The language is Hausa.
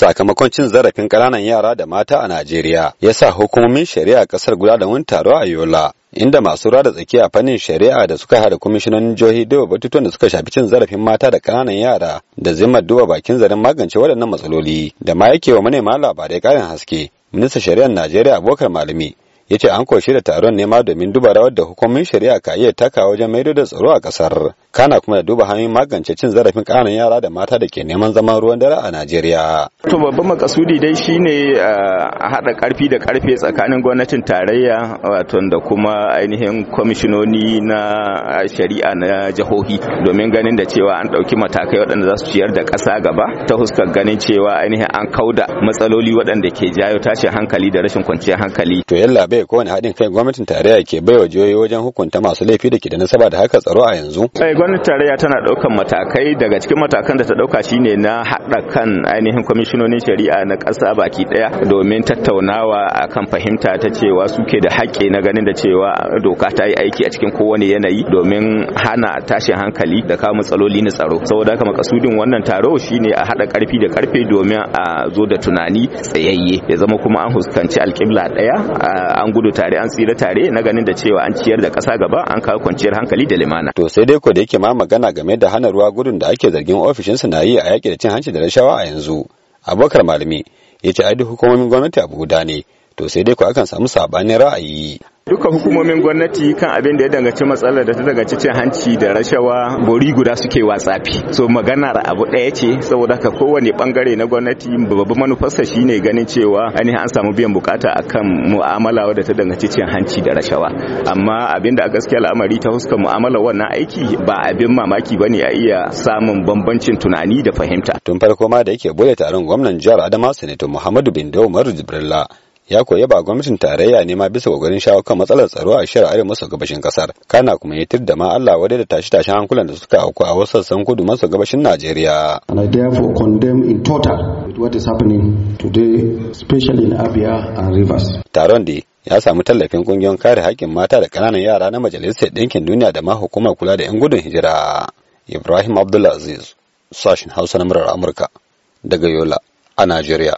sakamakon cin zarafin ƙananan yara da mata a Najeriya ya sa hukumomin shari'a ƙasar guda da wani taro a Yola inda masu rada tsakiya fannin shari'a da suka hada kwamishinan jihohi duba batutuwan da suka shafi cin zarafin mata da ƙananan yara da zimmar duba bakin zarin magance waɗannan matsaloli da ma yake wa manema labarai ƙarin haske ministan shari'ar Najeriya Abubakar Malami ya ce an koshi da taron nema domin duba rawar da hukumomin shari'a ka iya taka wajen maido da tsaro a kasar kana kuma da duba hanyoyin magance cin zarafin kananan yara da mata da ke neman zaman ruwan dare a najeriya to babban makasudi dai shine eh, a haɗa ƙarfi da ƙarfe tsakanin gwamnatin tarayya wato da kuma ainihin kwamishinoni na shari'a na jihohi domin ganin da cewa an ɗauki matakai waɗanda za su ciyar da ƙasa gaba ta huskar ganin cewa ainihin an kauda matsaloli waɗanda ke jayo tashin hankali da rashin kwanciyar hankali to yalla Ko wani haɗin kai gwamnatin tarayya ke baiwa jihohi wajen hukunta masu laifi da ke da nasaba da haka tsaro a yanzu. Eh gwamnatin tarayya tana ɗaukan matakai daga cikin matakan da ta ɗauka shine na haɗa kan ainihin kwamishinonin shari'a na ƙasa baki ɗaya domin tattaunawa akan fahimta ta cewa suke da haƙƙi na ganin da cewa doka ta yi aiki a cikin kowane yanayi domin hana tashin hankali da kawo matsaloli na tsaro. Saboda haka makasudin wannan taro shine a haɗa ƙarfi da ƙarfe domin a zo da tunani tsayayye ya zama kuma an huskanci alƙibla ɗaya an an gudu tare an tsira tare na ganin da cewa an ciyar da ƙasa gaba an kawo kwanciyar hankali da limana to sai dai ko da yake ma magana game da hana ruwa gudun da ake zargin ofishinsa na yi a yaƙi da cin hanci da rashawa a yanzu abubakar malami ya ce ai duk hukumomin gwamnati abu guda ne to sai dai ko akan samu sabanin ra'ayi duka hukumomin gwamnati kan abin da ya danganci matsalar da ta danganci cin hanci da rashawa bori guda suke watsafi so maganar abu ɗaya ce saboda ka kowane bangare na gwamnati babban manufarsa shine ganin cewa ainihin an samu biyan bukata akan mu'amala da ta danganci cin hanci da rashawa amma abin da a gaskiya al'amari ta huskar mu'amala wannan aiki ba abin mamaki bane a iya samun bambancin tunani da fahimta tun farko ma da yake bude taron gwamnan jihar Adama Sanato Muhammadu Bindo Umaru Jibrilla ya koyi ba gwamnatin tarayya ne ma bisa kokarin shawo kan matsalar tsaro a shirar arewa maso gabashin kasar kana kuma ya tirda da ma Allah wadai da tashi tashin hankulan da suka auku a wasu sassan kudu maso gabashin Najeriya and I therefore condemn in total with what is happening today especially in Abia and Rivers taron da ya samu tallafin kungiyoyin kare haƙƙin mata da ƙananan yara na majalisar ɗinkin duniya da ma hukumar kula da 'yan gudun hijira Ibrahim Abdulaziz sashin Hausa na murar Amurka daga Yola a Najeriya